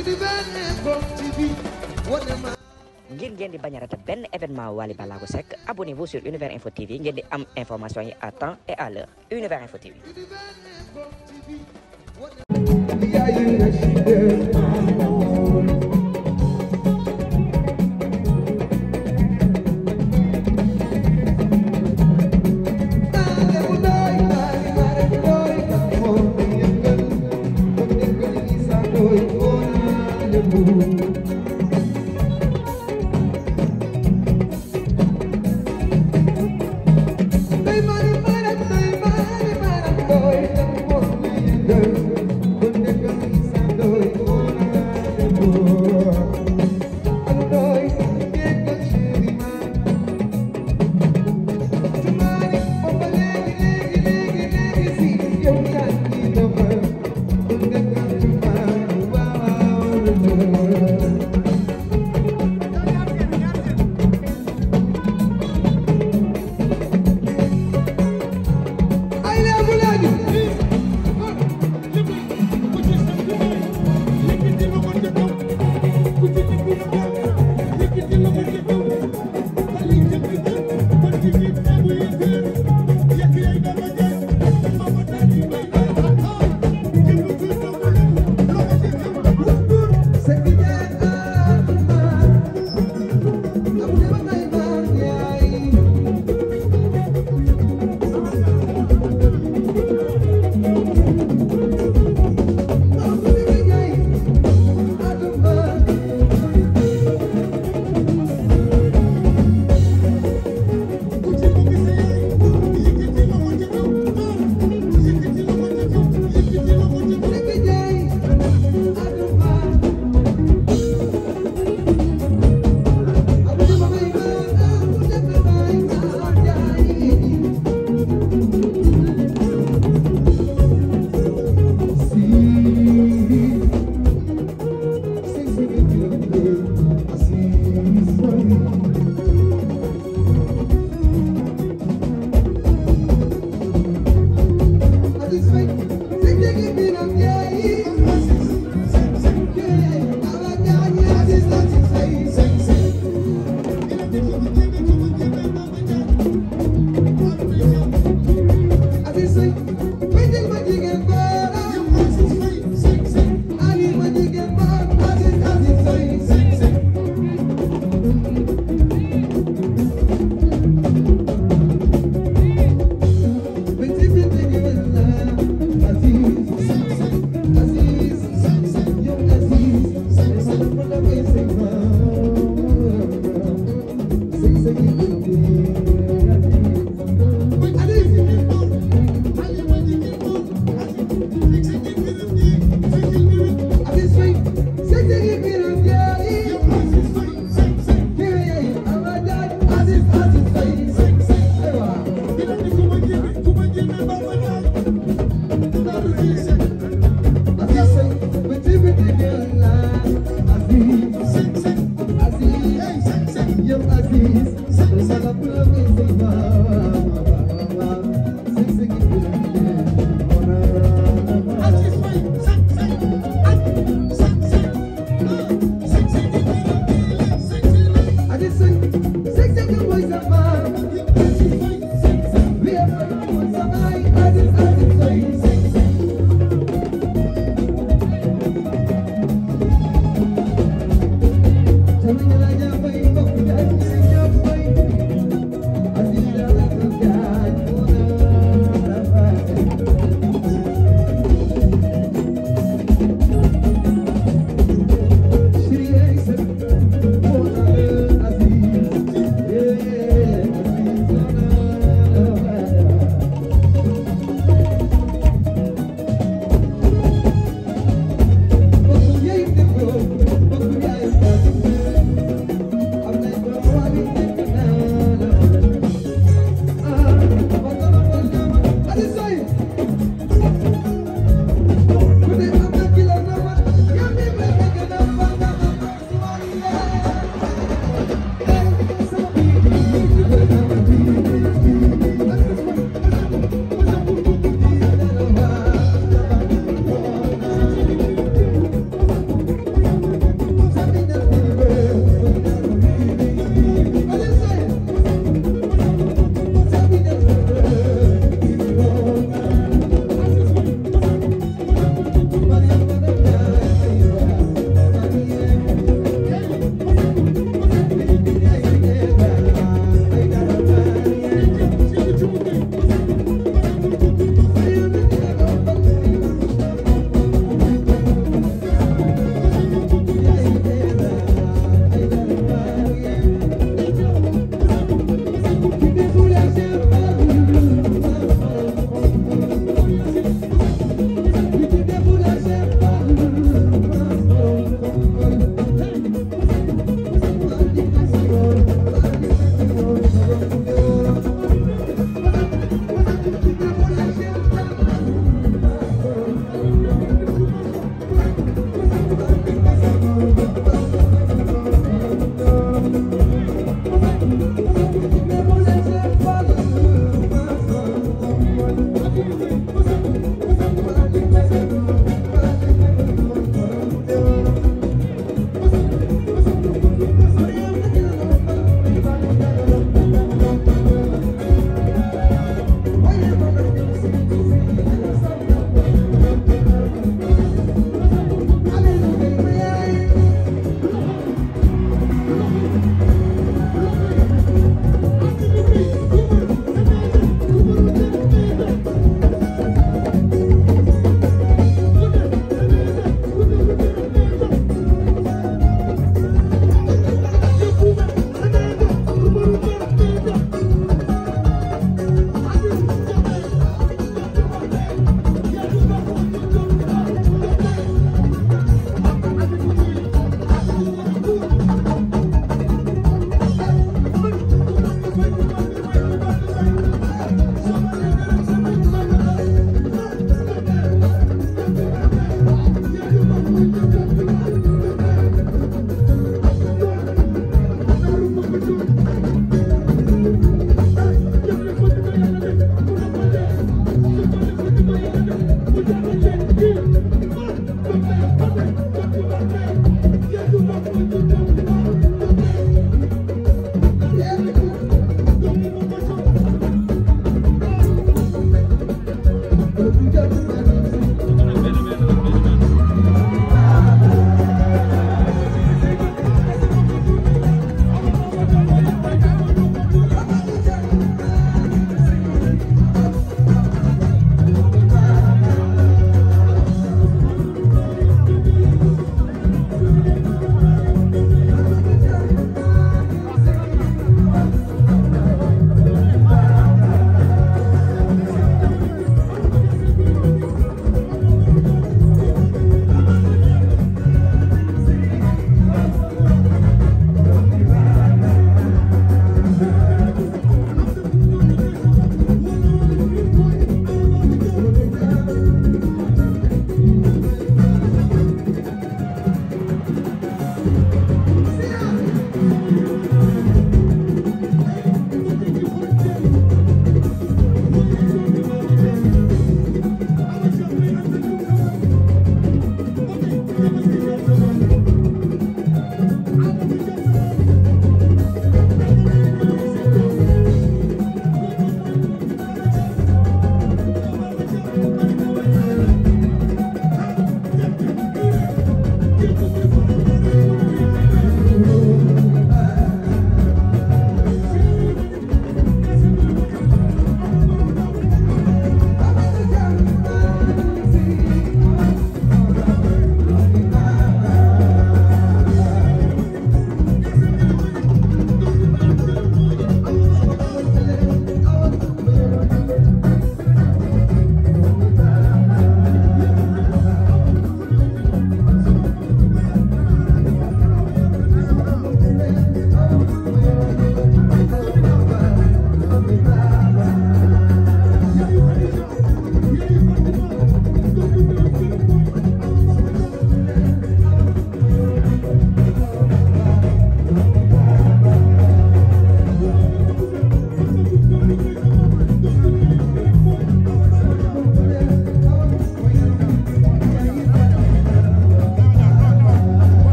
ngir ngeen di bañ a benn événement wali Ballago Seck abonnez-vous sur Univers Info TV ngeen di am information yi à temps et à l'heure Univers Info TV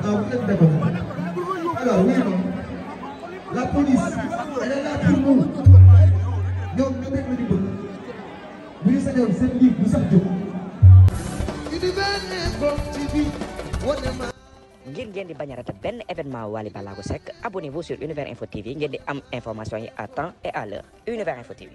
à vous ngir ngeen di bañ benn événement Wally Ballago Seck abonnez-vous sur Univers Info TV ngeen di am information yi à temps et à l'heure Univers Info TV.